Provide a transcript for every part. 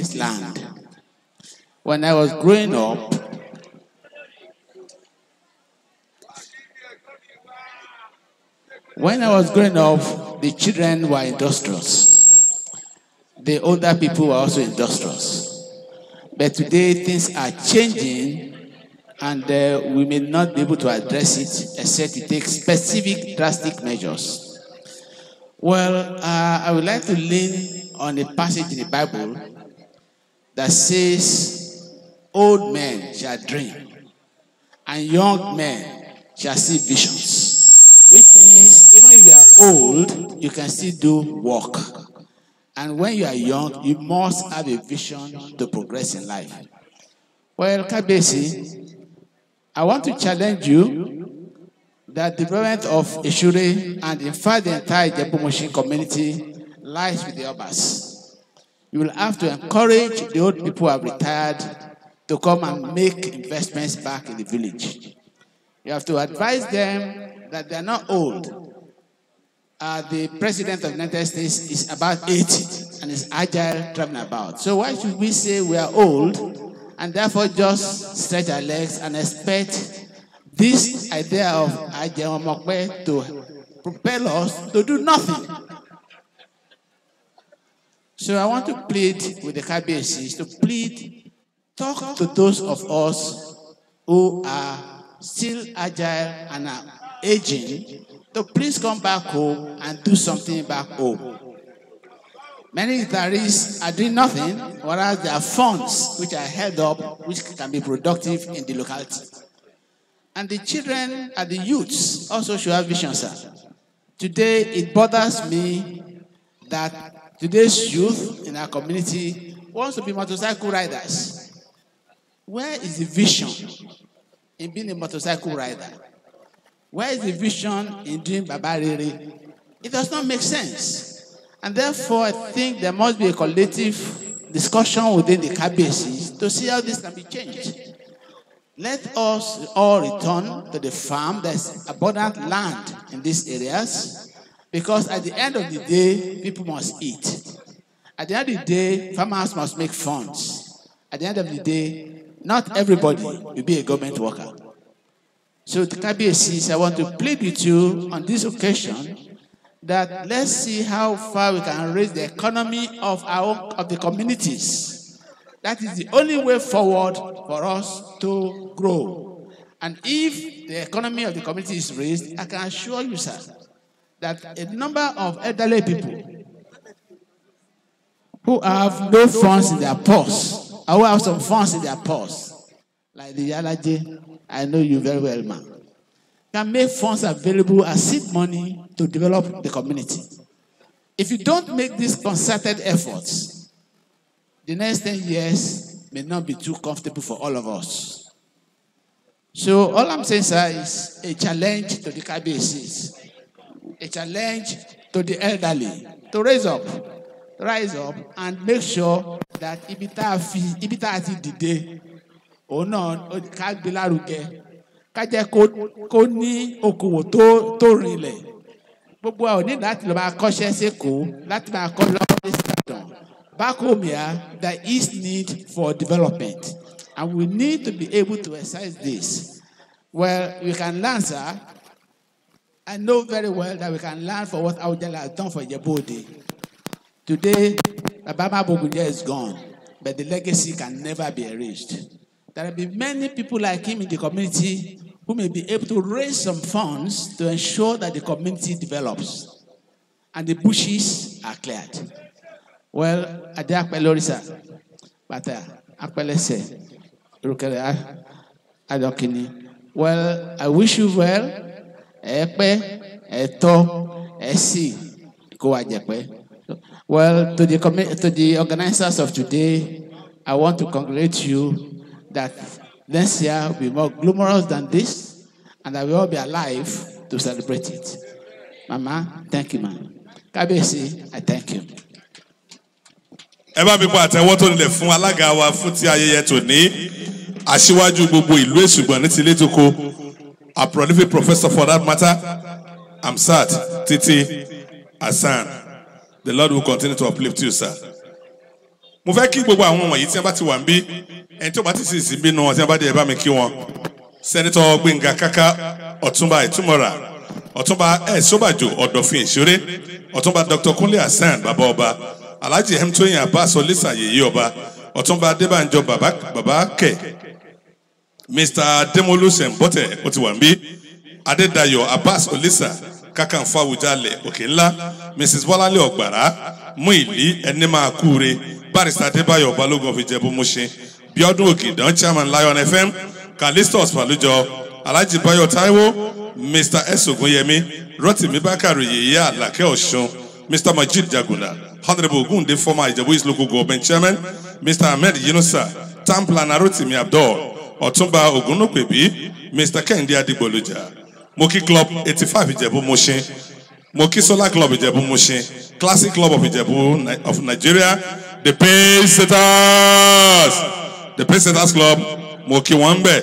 this land. When I was growing up, when I was growing up, the children were industrious. The older people were also industrious. But today things are changing and uh, we may not be able to address it except to take specific drastic measures. Well, uh, I would like to lean on a passage in the Bible that says, Old men shall dream, and young men shall see visions. Which means, even if you are old, you can still do work. And when you are young, you must have a vision to progress in life. Well, Kabesi, I want to challenge you that the development of Ishure and in fact the entire Jebu Moshin community lies with the others. You will have to encourage the old people who have retired to come and make investments back in the village. You have to advise them that they are not old. Uh, the president of the United States is about 80 and is agile traveling about. So why should we say we are old and therefore just stretch our legs and expect this idea of agile to propel us to do nothing? So I want to plead with the KBSCs to plead, talk to those of us who are still agile and are aging to please come back home and do something back home. Many retirees are doing nothing, whereas there are funds which are held up, which can be productive in the locality. And the children and the youths also should have vision, sir. Today, it bothers me that today's youth in our community wants to be motorcycle riders. Where is the vision in being a motorcycle rider? Where is the vision in doing babariri? It does not make sense. And therefore, I think there must be a collective discussion within the KBC to see how this can be changed. Let us all return to the farm. There's abundant land in these areas. Because at the end of the day, people must eat. At the end of the day, farmers must make funds. At the end of the day, not everybody will be a government worker. So, Kabiesi, I want to plead with you on this occasion that let's see how far we can raise the economy of our of the communities. That is the only way forward for us to grow. And if the economy of the community is raised, I can assure you, sir, that a number of elderly people who have no funds in their purse, or who have some funds in their purse, like the Yalaji, I know you very well, man, can make funds available as seed money to develop the community. If you don't make these concerted efforts, the next 10 years may not be too comfortable for all of us. So all I'm saying, sir, is a challenge to the KBCs. a challenge to the elderly to raise up rise up and make sure that ibi tá a fi ibi tá a ti dìde òun náà ká gbé lárugẹ ká jẹ́ kó ní okòwò tó tó rinlẹ̀ gbogbo àwọn ní láti lọ máa kọ́ṣẹ́ sẹ́kọ̀ọ́ láti máa kọ́ lọ́wọ́ ní back home here there is need for development and we need to be able to exercise this well we can learn sir. I know very well that we can learn from what Aujala has done for Yebode. Today, Ababa Bogunja is gone, but the legacy can never be erased. There will be many people like him in the community who may be able to raise some funds to ensure that the community develops and the bushes are cleared. Well, Ade Akpelorisa, Bata Akpelese, Rukere Adokini. Well, I wish you well. ẹ̀pẹ́ ẹ̀tọ́ ẹ̀sìn kó wa jẹ̀pẹ́. Well, to the, to the organisers of today, I want to congratulate you that next year will be more glamorous than this, and that we all be alive to celebrate it. Mama, thank you, ma'am. Kábíyèsí, I thank you. Ẹ bá mi pa àtẹ́wọ́ tó nílẹ̀ fún alága wa fún ti ayẹyẹ tòní, aṣíwájú gbogbo ìlú Èṣùgbọ̀n ní ti a prolific professor for that matter, I'm sad, Titi Asan. The Lord will continue to uplift you, sir. Mo fẹ́ kí gbogbo àwọn wọ̀nyí tí wọ́n bá ti wà ń bí ẹni tó bá ti sì sí bínú wọn tí wọ́n bá dé ẹ mi kí wọn. Sẹ́nitọ́ Gbẹ̀ngà Káká Ọ̀túnba Ìtúmọ̀rà Ọ̀túnba S. Ọ̀dọ̀fin Ìṣeré Ọ̀túnba Dr. Kunle Hassan Bàbá Ọba Alhaji M. Tóyìn Abbas Olísàyèyí Ọba Ọ̀túnba Adébánjọ Bàbá Kẹ̀ mr demolu sembọtẹ ó ti wà níbí adédayọ̀ abbas olisa kakanfò awùjalẹ̀ òkè ńlá mrs bọ́láńlé ọ̀gbàrá múìlí ẹni máa kúure barista adébáyọ̀ balógun fìjẹ́ bómúṣin bíọ́dún òkèdán chairman lion fm callistus falujọ alhaji bayo taiwo mr esogunyemi rotimi bakari yeye alake ọ̀ṣun mr majid jagunda honorable ogunde former ìjẹ̀bú east local chairman mr ahmed yunusa town planner rotimi abdul ọ̀túnba ògúnnùpẹ̀bí mr kẹ́hìndé adigbolujà Moki club eighty five ìjẹ̀bú Mushin mo solar club ìjẹ̀bú Mushin classic club of ìjẹ̀bú of nigeria the paysetters the paysetters club moki kí wọn bẹ̀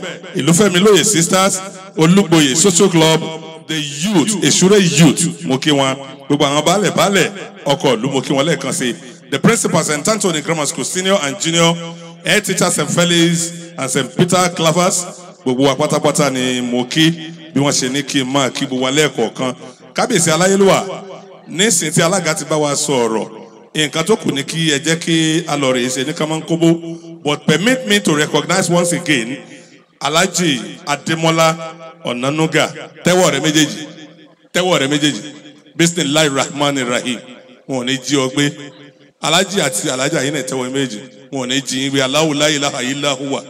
lóye sisters olúgboyè social club the youth esure youth moki kí wọn gbogbo àwọn baálẹ̀ baálẹ̀ ọkọ̀ ìlú mo kí wọn lẹ́ẹ̀kan sí the principal st anthony grammar school senior and junior head teacher st felix and st peter clavers gbogbo wa pátápátá ni mo kí bí wọ́n ṣe ní kí n máa kí gbogbo wa lẹ́ẹ̀kọ̀ọ̀kan kábíyèsí aláyélúwà nísìnyí tí alága ti bá wa sọ ọ̀rọ̀ nǹkan tó kù ni kí ẹ jẹ́ kí a lọ ṣe ní kánmọ́nkóbó but permit me to recognize once again alhaji adémọ́lá ọ̀nánúgà tẹ́wọ̀ rẹ méjèèjì tẹ́wọ̀ rẹ méjèèjì bisimilahi rahman rahim wọn ò ní jí ọ gbé alhaji àti alhaji àyínà tẹ́wọ̀ méjèèjì wọn ò ní jí yín gbé aláwo láhàyè láhùwà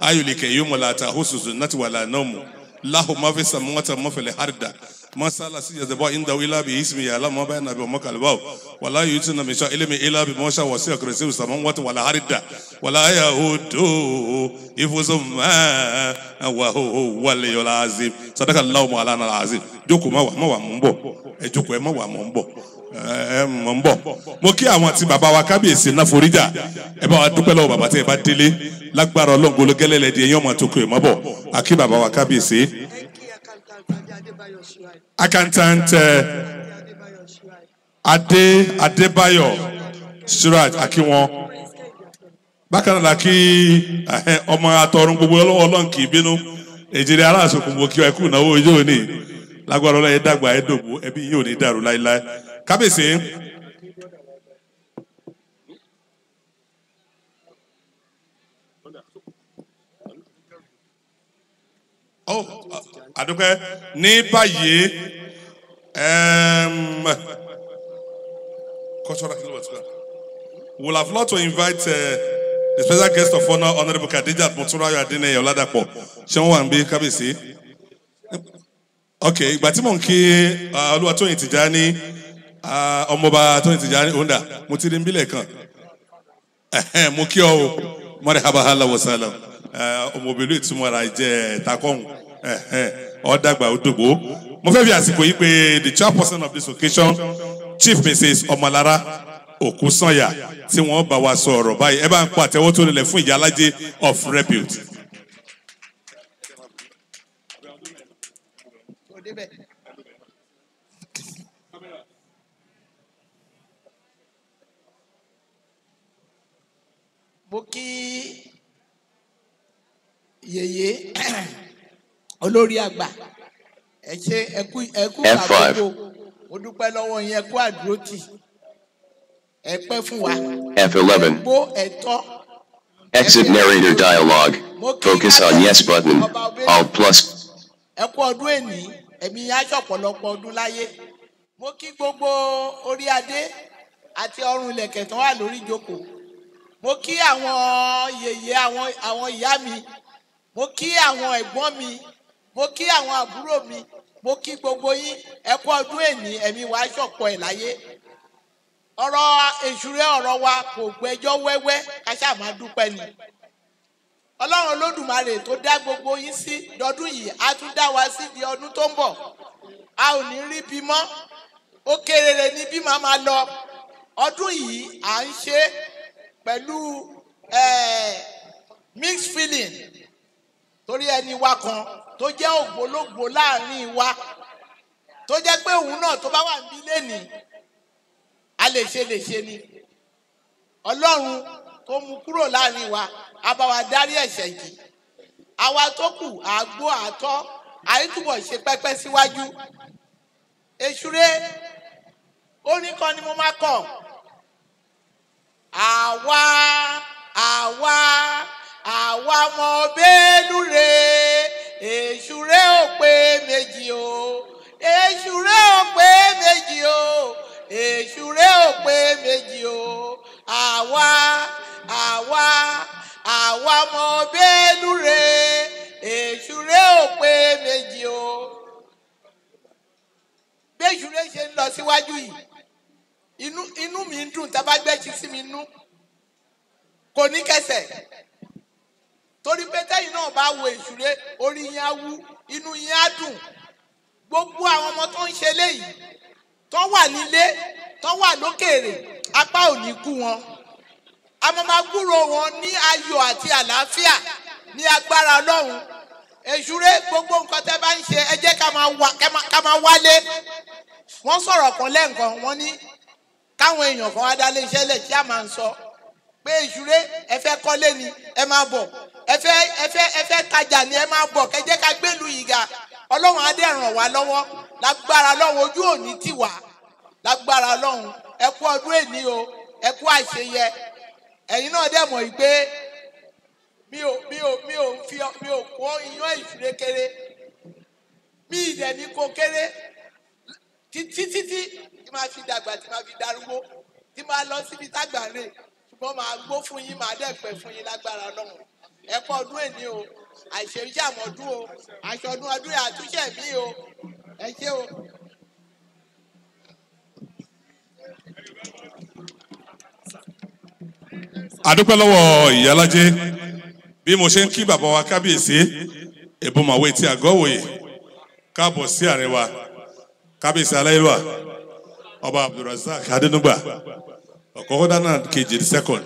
ayolike yomo lata hususu nati wala nomu lahu mafi samawata mafi liharda ma sala si jazaba inda ila bi ismi ya lam mabayan nabi umma kalbaw wala yutuna min sha ilmi ila bi masha wasi akrasi samawati wala harda wala yahudu ifuzuma wa huwa al azim sadaka lau allah na al azim jókòó ma wa ma wa mò ń bọ̀ ẹ ma wa mò ń ẹ mọ̀ ń bọ̀ mo kí àwọn àti bàbá wa kábíyèsí náà foríjà ẹ bá wa dúpẹ́ lọ́wọ́ bàbá tí ẹ bá délé lágbára ọlọ́ngolo gẹ́lẹ́lẹ́ di ẹyán ọmọ àtòkò ẹ̀ mọ́ bọ̀ àkí bàbá wa kábíyèsí. Accountant Adé Adébáyọ̀ Suraj àkí wọn bákan náà kí ọmọ atọrun gbogbo ọlọ́wọ́ ọlọ́nkì bínú èjìrì aláṣọ kò mọ̀ kí ọ ẹkú ìnáwó ìjọ́ òní lágbára ọlọ́yẹ dàgbà ẹ dògbò ẹbí yóò ní dàrú láéláé kábíyèsí. ó oh, àdúpẹ́ ní báyìí cultural um, kilowatt we'll have lot to invite uh, the special guest of honour honourable khadija muturayo adeneye oladapo ṣé wọn wà ń bí kábíyèsí. ok ìgbà tí mò ń kí uh, olúwatóyìn Tìjání. Ah, ọmọọba tó tìjà ní mo ti rí n bílẹ̀ kan mo kí ọ o marhaba hala wa eh, ọmọbìnrin ìtumọ̀ ara jẹ́ takọ́hún ọ̀dàgbà òdògbò mo fẹ́ fi àsìkò yìí pé the chairperson of this occasion chief mrs ọmọlára òkúsànyà tí wọ́n bá wa sọ ọ̀rọ̀ báyìí ẹ bá ń pa àtẹ́wọ́ tó lélẹ̀ fún ìyá alájẹ of repute. mo kí yèyé olórí àgbà ẹ ṣe ẹkú ẹkú àkókò mo dúpẹ́ lọ́wọ́ yín ẹkú àdúrótì ẹ pẹ́ fún wa F11 gbó ẹ̀tọ́. Exit narrator dialogue. Focus on yes button. All plus. Ẹ kú ọdún èní, ẹ̀mí yá ṣọ̀pọ̀lọpọ̀ ọdún láyé. Mo kí gbogbo orí adé àti ọrùn ilẹ̀kẹ̀ tó wà lórí ìjókòó mo kí àwọn yèyé àwọn àwọn ìyá mi mo kí àwọn ẹ̀gbọ́n mi mo kí àwọn àbúrò mi mo kí gbogbo yín ẹ kú ọdún èní ẹ̀mí wa ṣọ̀pọ̀ ẹ̀ láyé ọ̀rọ̀ èṣùrẹ́ ọ̀rọ̀ wa kò gbẹjọ́ wẹ́wẹ́ ká ṣáà máa dúpẹ́ ni ọlọ́run olódùmarè tó dá gbogbo yín sí dọdún yìí á tún dá wa sí di ọdún tó ń bọ̀ a ò ní rí bí mọ́ ó kéré ni bí màá máa lọ ọdún yìí à ń ṣe pẹ̀lú mixed feeling torí ẹni wa kan tó jẹ́ ògbólógbò láàrin wa tó jẹ́ pé òun náà tó bá wà níbí lénìí a lè ṣe lè ṣe ni ọlọ́run tó mú kúrò láàrin wa a bá wa dárí ẹ̀ṣẹ̀ yìí àwa tó kù àgbo àtọ́ àyítúbọ̀ ṣe pẹ́pẹ́ síwájú èṣúré ó kan ni mo máa kọ̀ àwa àwa àwa ọmọ bẹ́ẹ̀lú rè èṣù rẹ̀ ò pé méjì o èṣù rẹ̀ ò pé méjì o èṣù rẹ̀ ò pé méjì o àwa àwa àwa ọmọ bẹ́ẹ̀lú rè èṣù rẹ̀ méjì o bẹ́ẹ̀ṣù rẹ̀ ṣe ń lọ síwájú yìí inú inú mi ń dùn tá a bá gbẹ́jì sí mi nú kò ní kẹsẹ̀ torí pé tẹ́yìn náà bá wo ìṣúré orí yín á wú inú yín á dùn gbogbo àwọn ọmọ tó ń ṣe léyìí tó wà nílé tó wà lókèèrè apá ò ní kú wọn a máa máa gbúrò wọn ní ayọ̀ àti àlàáfíà ní agbára ọlọ́run èṣúré gbogbo nǹkan tẹ́ bá ń ṣe ẹ jẹ́ ká máa wálé wọ́n sọ̀rọ̀ kan lẹ́ǹkan wọ́n ní káwọn èèyàn kan wá dálé iṣẹ́ lẹ̀ tí a máa ń sọ pé ìṣúré ẹ fẹ́ kọ́lé ni ẹ máa bọ̀ ẹ fẹ́ ẹ fẹ́ ẹ fẹ́ tajà ni ẹ máa bọ̀ kẹjẹ́ ká gbélu ìga ọlọ́run á dẹ̀ ràn wá lọ́wọ́ lágbára lọ́hùn ojú òní tì wá lágbára lọ́hùn ẹ kú ọdún èní o ẹ kú àṣeyẹ ẹ̀yin náà dẹ̀ mọ̀ yìí pé mi ò mi ò mi ò fi mi ò kó iyán ìṣúré kéré mi ì dẹ̀ ní kó kéré títí títí tí máa fi dàgbà tí máa fi darúgbó tí máa lọ síbi tágbà rè ṣùgbọ́n máa gbó fún yín máa dẹ́pẹ́ fún yín lágbára náà ẹ̀kọ́ ọdún èní o àìṣe iṣẹ́ àmọ́dún o àṣọ ọdún ọdún yà àtúnṣe mí o ẹ ṣé o. àdúpẹ́ lọ́wọ́ ìyálájé bí mo ṣe ń kí bàbá wa kábíyèsí èbùmọ̀wé ti àgọ́wòye káàbọ̀ sí àrẹwà kábíyèsí aláìlúwà ọba abdulrasaq adẹnugba ọkọkọdà náà kejì second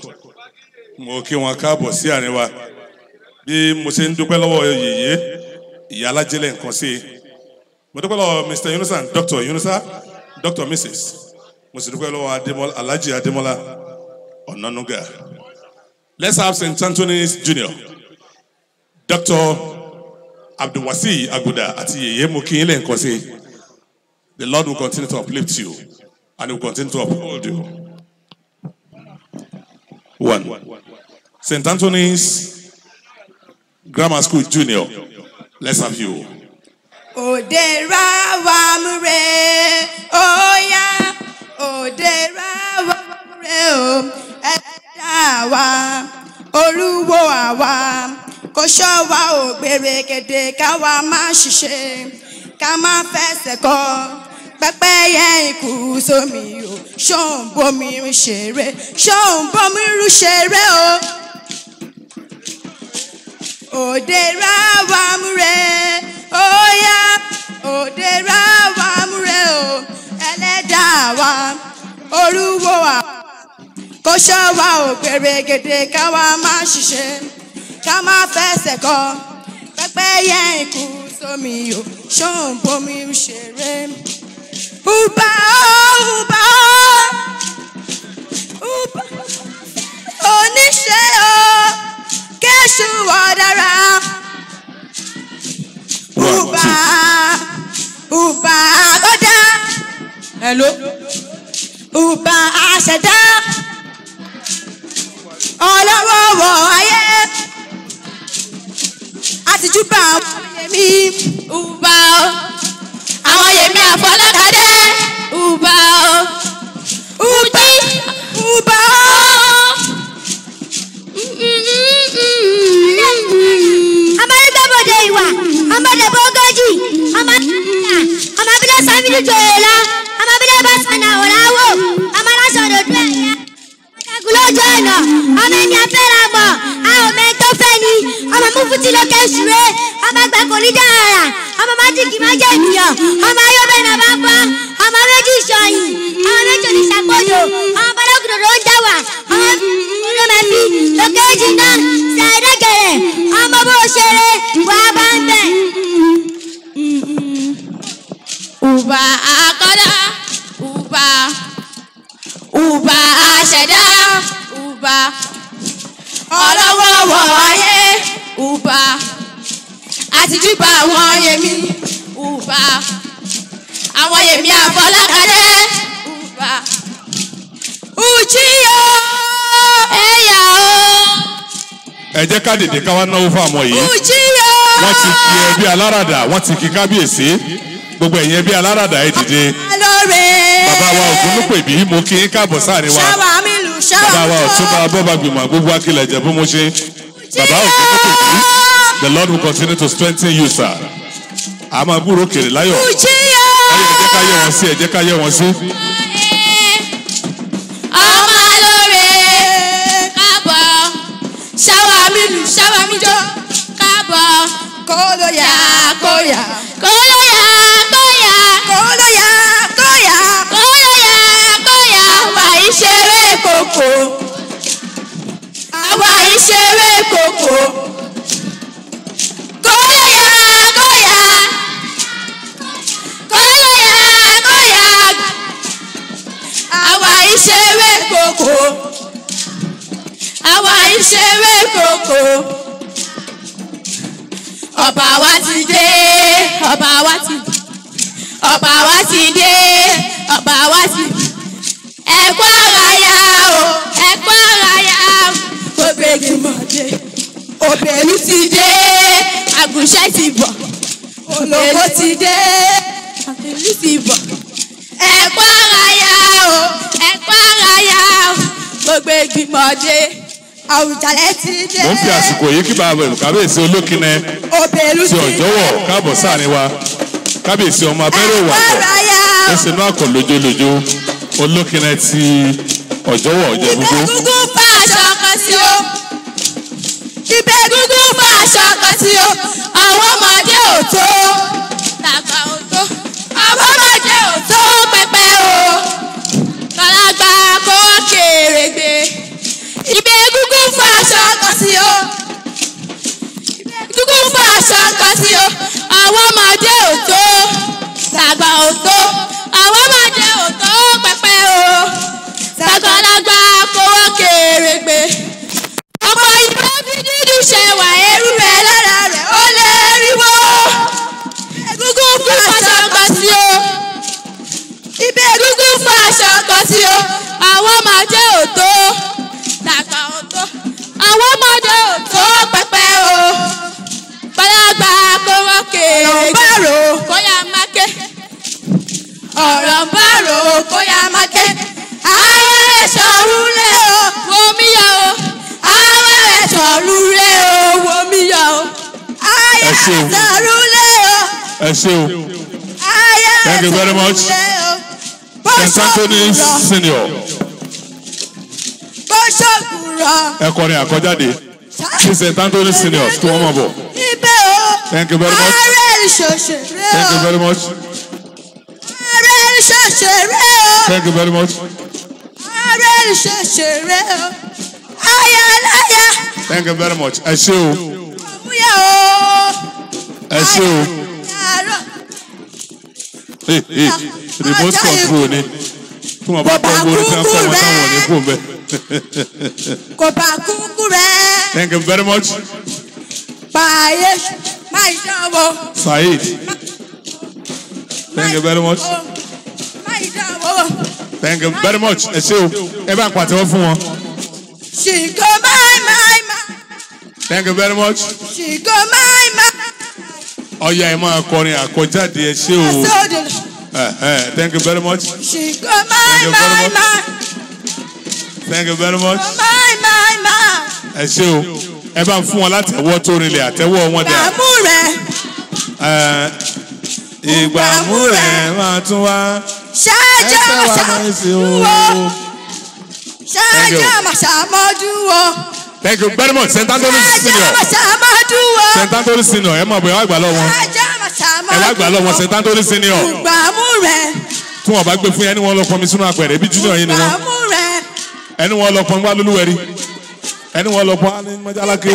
mo kí wọn káàbọ̀ sí àárín wa bí mo ṣe ń dúpẹ́ lọ́wọ́ yèyé ìyá alájẹlẹ̀ nǹkan sí i mo dúpẹ́ lọ́wọ́ mr yunusa and dr yunusa dr mrs mo sì dúpẹ́ lọ́wọ́ adémọlá alhaji adémọlá ọ̀nánúgà let's have st anthony's junior dr abdulwasi aguda àti yèyé mo kí yín lẹ́ǹkan sí i the lord will continue to uplift you and will continue to uphold you. One. St. Anthony's Grammar School Junior. Let's have you. Odera wamre, oya, odera wamre, o, ẹ̀dá wa, olúwo àwa, kò ṣọ́ wa ò gbèrè kéde ká wa má ṣiṣẹ́, ká má fẹsẹ̀ kọ́ pẹ́pẹ́yẹ ikú sómi o ṣóun bomi rú ṣeré ṣóun rú ṣeré o. òde ra wà múre ó òde ra wà múre o ẹlẹ́dàá wa olúwo wa kó ṣọ́ wa ò gbèrègèdè ká wa má ṣiṣẹ́ ká má fẹsẹ̀ kọ pẹ́pẹ́yẹ ikú sómi o ṣóun rú ṣeré. Uba, Uba, Uba, oníṣẹ́ o, Késù ọ̀dára. Uba, Uba, Agọ́dá. Hello. Uba, Aṣẹ̀dá. Ọlọ́wọ́ wo ayé. Àtijúbà ọmọ mi, Uba àwọn yèmí àfọlákadé ùbà ó ùbí ùbà ó. amadedebode ìwà amadebo ogoji amadeda amabide samidi toyola amabide basana olawo amalasodo dueya ọ̀dàgùn lójú ọ̀nà ọmọ ẹni afẹ́ra mọ̀ àwọn ọmọ ẹni tó fẹ́ ni ọmọ mufuti lókè ṣùrẹ́ ọmọ ẹgbẹ́ kò ní dára ọmọ májìkì má jẹ́ ènìyàn ọmọ ayọ́bẹ̀ náà bá ń bọ́ méjì ìṣọ̀yìn ọmọ méjì oníṣàkóso ọmọ balógun ló ń jà wá ọmọ olómẹ́bí lókèjì náà ṣàìdẹ́gẹ̀rẹ̀ ọmọ bó ṣeré wà bá ń bẹ̀. Uba akọ́dá, Uba, Uba aṣẹ̀dá, Uba, ọlọ́wọ́wọ́ ayé, Uba àti júbà àwọn yèmí ùbà àwọn yèmí àfọlákadé ùbà ùjí o ẹ̀yà o. ẹ jẹ́ ká dìde ká wá náwó fún àwọn yìí ùjí o wọ́n ti kí ẹbí aláràdà wọ́n ti kí kábíyèsí gbogbo ẹ̀yin ẹbí aláràdà ẹ dìde bàbá wa Ògúnlùpèbí mo kí yín káàbọ̀ sáàrin wa bàbá wa Ọ̀túnba Bọ́bagìmọ̀ gbogbo akílẹ̀ Ìjẹ̀bú mo ṣe bàbá Ògúnlùpèbí. The Lord will continue to strengthen you, sir. A máa gbúrò kèrè láyọ̀. Ayọ̀ ẹ̀jẹ̀ ká yẹ wọn sí ẹ̀jẹ̀ ká yẹ wọn sí. Ọmọ lóore kábọ̀, ṣáwá mi lù ṣáwá mi jọ kábọ̀. Kólóyà kóyà. Kólóyà kóyà. Kólóyà kóyà. Kólóyà kóyà. Àwa ìṣeré kòkó. lóko. ọba wa ti dé ọba wa ti ọba wa ti dé ọba wa ti. ẹ̀kọ́ ọ̀rọ̀ ayá o ẹ̀kọ́ ọ̀rọ̀ ayá o. obèlú mọ̀ dé obèlú ti dé àgùnṣẹ́ ti bọ̀ olóko ti dé àgùnṣẹ́ ti bọ̀ ẹ̀kọ́ ọ̀rọ̀ ayá o ẹ̀kọ́ ọ̀rọ̀ ayá o gbogbo ìgbìmọ̀ dé. àwùjalẹ̀ ti dé. mo ń fi àsìkò yìí kí bàbá kábíyèsí olókìnnẹ ti ọ̀jọ́wọ̀ káàbọ̀ sáàrin wa kábíyèsí ọmọ abẹ́rẹ́ ìwà ó ti ọ̀jọ́wọ̀ fún aṣọ ọkọ sí o dúkú fún aṣọ ọkọ sí o àwọn ọmọdé òtó tàgbà òtó àwọn ọmọdé òtó pẹpẹ o tàgbàlagbà kówó kèrègbè. ẹ ṣe o thank you very much st anthony senior ẹ kọrin àkọjáde sí st anthony senior wọ́n mọ̀ bọ̀ thank you very much thank you very much thank you very much ṣeré o. Ayọ̀ láyà. Thank you very much. Ẹ ṣé o. Òmùyẹ̀ o. Ẹ ṣé o àárọ̀. remote control ni tí bá tẹ́ gbórí kò bá kúkú rẹ. thank you very much. pààyè máa ń dánwò. saheed thank you very much. máa ń dánwò. thank you very much ẹ ṣé o ẹ bá pàtẹ́wọ́ fún wọn. she go my my my. thank you very much. she go my my ọ̀ya ẹ̀ máa kọrin àkọjáde ẹ ṣé o. thank you very much. she go my my thank you very much. ẹ ṣé o ẹ bá ń fún wọn látẹ̀wọ́ tó rinlẹ̀ àtẹ̀wọ́ wọn dà. ìgbàmú rẹ̀. Eh, ìgbàmú rẹ̀ máa tún wá. ṣáájú àmàṣà ń wo ṣáájú àmàṣà mọ́dún wo thank you very much St. Anthony senior St. Anthony senior ẹ mọ̀ bóyá wàá gbà lọ wọn ẹ wàá gbà lọ wọn St. Anthony senior tí wọn bá gbé fún yẹn ẹni wọn lọ pọnmi sínú apẹ̀rẹ̀ bí junior yìí ni wọn ẹni wọn lọ pọnmi wá lólúwẹ̀rí ẹni wọn lọ pọnmi mọ́jálákè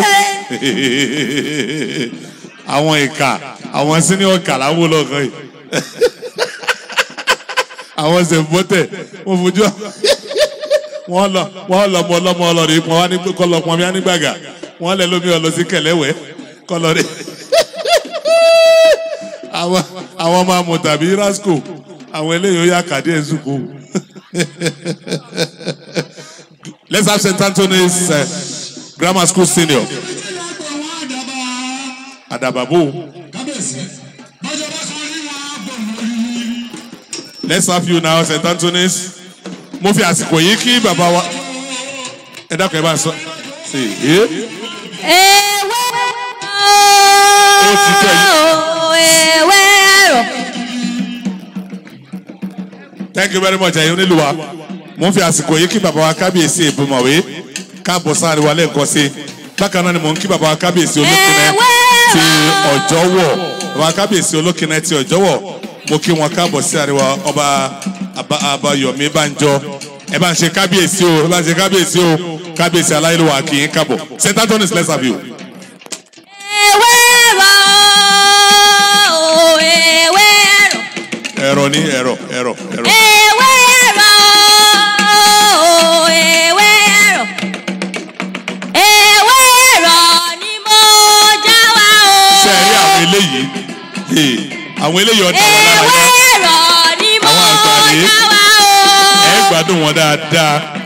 àwọn ìka àwọn senior kà láwọn olóòkan yìí àwọn ṣèǹbọ̀tẹ̀ wọn fojú àwọn wọ́n lọ wọ́n lọ mọ ọlọ́mọ ọlọ́rin ipò wọn kọ́ lọ pọn mi ánígbàgà wọ́n lẹ lómi ọlọ sí kẹlẹ́wẹ́ kọ́ lọ àwọn ọmọ amọ̀ tàbí rasco àwọn eléyìí ó yà kàdé ẹ̀ zùkú. Let's have St. Anthony's uh, Grammar School Senior. Adababu. Let's have you now, St. Anthony's mo fi àsìkò yìí kí bàbá wa ẹ dákun ẹ bá sọ. èwe ooo èwe ẹ̀rọ. thank you very much ẹ̀yin onílùwà mo fi àsìkò yìí kí bàbá wa kábíyèsí ìbùmọ̀wé káàbọ̀ sáré wa lẹ́ẹ̀kan sí bákan náà ni mo ń kí bàbá wa kábíyèsí olókìnnẹ ti ọ̀jọ́wọ̀ bàbá wa kábíyèsí olókìnnẹ ti ọ̀jọ́wọ̀ mo kí wọn káàbọ̀ sí àríwá ọba Abáyọ̀mí Bánjọ ẹ bá ń ṣe kábíyèsí o ẹ bá ń ṣe kábíyèsí o kábíyèsí aláìlúwa kì í kábọ̀ St. Anthony's let's have you. ewé ẹ̀rọ ewé ẹ̀rọ. ẹ̀rọ ní ẹ̀rọ ẹ̀rọ ẹ̀rọ. ewé ẹ̀rọ ewé ẹ̀rọ. ewé ẹ̀rọ ni mo já wa o. sẹ́ẹ̀rí àwọn eléyìí àwọn eléyìí ọ̀dà wọn lára ẹ gbádùn wọn dáadáa.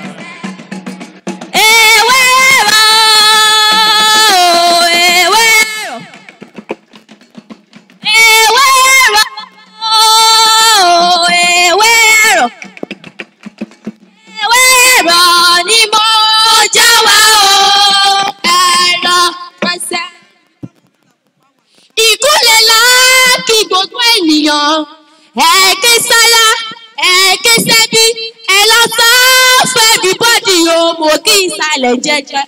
jẹjẹ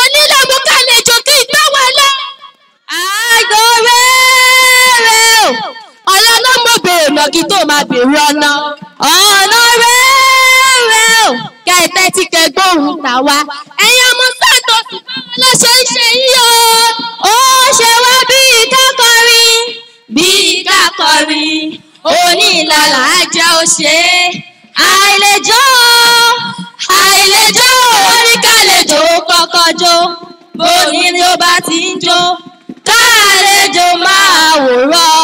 onílẹ̀ mú kàlejò kí ìgbẹ́ wọn lọ. àgbọ̀wé rẹ̀ o ọlọ́lọ́mọ bèrè mọ́ kí tó máa bèrè ọ̀nà ọ̀nà rẹ̀ rẹ̀ o kẹ̀tẹ́ tí kẹgbóhùn tà wá ẹ̀yin ọmọ sọ́ọ̀tọ̀ ṣùgbọ́n ló ṣe ń ṣe yí o ó ṣe wá bíi kákọrin bíi kákọrin onílàlà á jẹ́ òṣèré àìlèjọ́ àìlèjọ́ bóni ni ó bá ti ń jó káàlejò máa wòran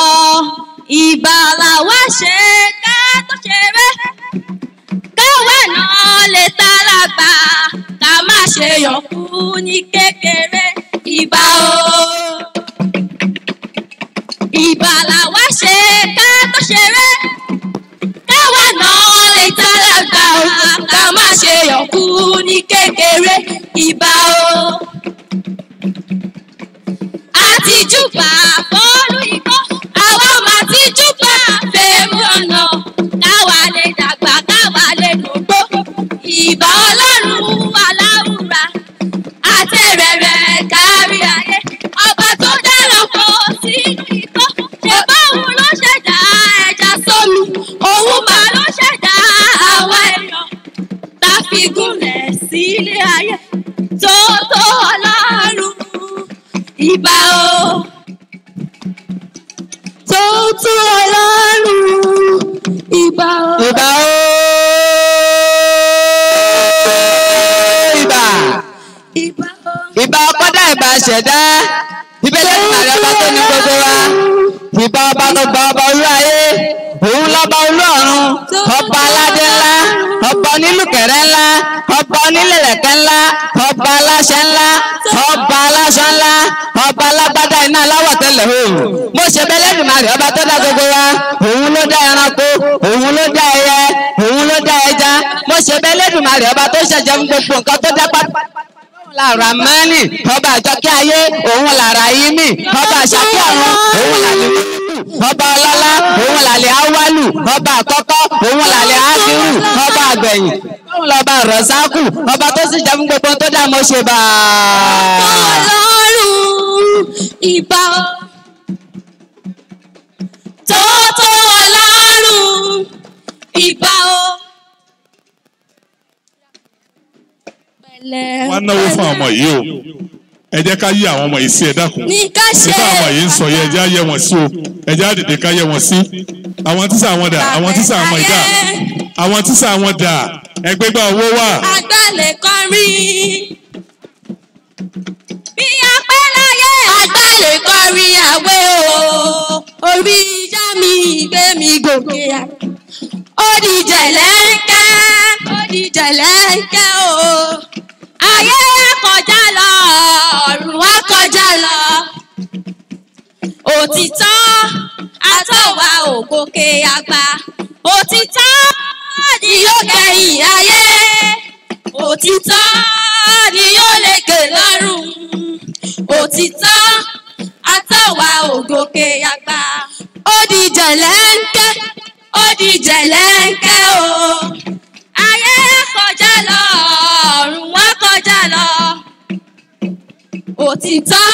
ìgbàlà wá ṣe ká tó ṣeré káwa náà lè tara gbà ká má ṣe yọkú ní kékeré ìgbà o ìgbàlà wá ṣe ká tó ṣeré káwa náà lè tara gbà ká má ṣe yọkú ní kékeré ìgbà o àtijúbà fọ́ọ̀lù ikọ́ àwa ọmọ àtijúbà fèémù ọ̀nà káwa lè dàgbà káwa lè dùgbò ìbà ọlọ́run aláwùrà àtẹ̀rẹ̀rẹ̀ kárí ayé. mo ṣe bẹ́ẹ̀ lẹ́nu màrí ọba tó dá gbogbo wa òun ló dá ẹranko òun ló dá ẹyẹ òun ló dá ẹja mo ṣe bẹ́ẹ̀ lẹ́nu màrí ọba tó ṣẹ̀jẹ̀ fún gbogbo nǹkan tó dá pátá làràmánì ọba àjọkẹ́ ayé òun làrà yìí mì ọba àṣàkẹ́ ọ̀run òun làlẹ́ ọba ọlọ́lá òun làlẹ́ awálù ọba àkọ́kọ́ òun làlẹ́ ákírù ọba àgbẹ̀yìn òun lọ́ba rọ̀sákù ọba tó sì jẹ́ fún gbogbo tó dá mọ́ ṣe bá a. ọlọ́run ìbá tó tó ọlọ́run ìbà o. wọ́n á náwó fún àwọn ọmọ yìí o ẹ jẹ́ ká yí àwọn ọmọ yìí sí ẹ dákun nígbà àwọn yìí ń sọ yẹ ẹ jẹ́ á yẹ wọn sí o ẹ jẹ́ á dìde ká yẹ wọn sí àwọn tíṣà wọn dà àwọn tíṣà wọn dà àwọn tíṣà wọn dà ẹgbẹgbà owó wà. àgbà lè kọrin agbálẹ̀ kọrí àwẹ̀ o orí ìjà mi gbé mi gòkè à. ó di jẹ̀lẹ́ńkẹ́ ó di jẹ̀lẹ́ńkẹ́ o ayé kọjá lọ ọ̀run wá kọjá lọ òtítọ́ àtọ̀wá ògòkè àgbà òtítọ́ ni yóò kẹyìn ayé òtítọ́ ni òtítọ́ àtàwà ògòkè àgbà. ó di jẹ̀lẹ́ńkẹ́ ó di jẹ̀lẹ́ńkẹ́ o. ayé kọjá lọ ọ̀run wá kọjá lọ. òtítọ́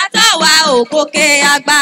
àtàwà ògòkè àgbà.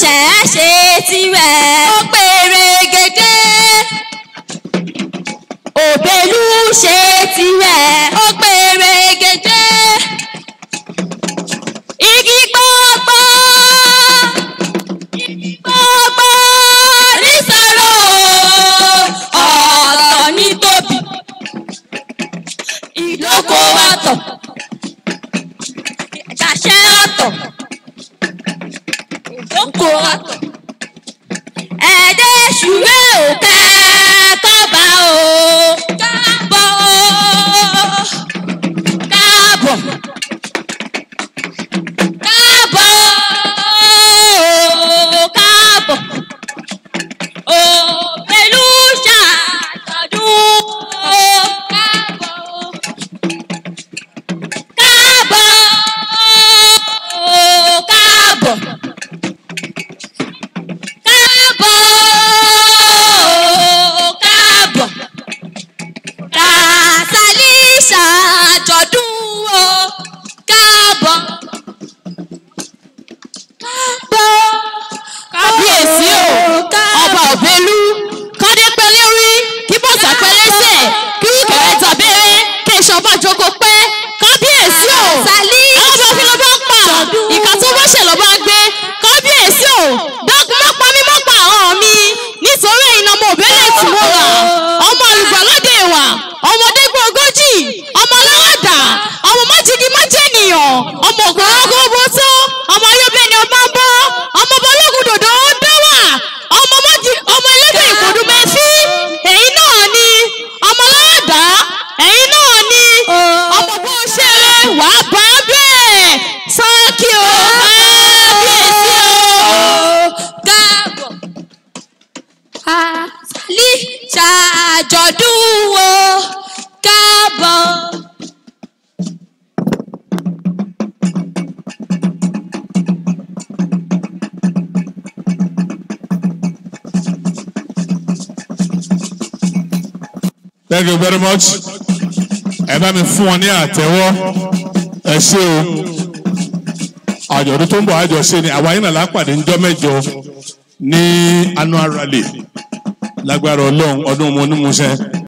ṣẹ̀ṣẹ̀ tirẹ̀. ó very much ẹ bá mi fún wọn ní àtẹ́wọ́ ẹ ṣé o àjọ̀dún tó ń bọ̀ àjọṣe ni àwa yìí nàlá pàdé ńjọ́ mẹ́jọ ní annual rally lágbára ọlọ́run ọdún mọ́númọ́sẹ́.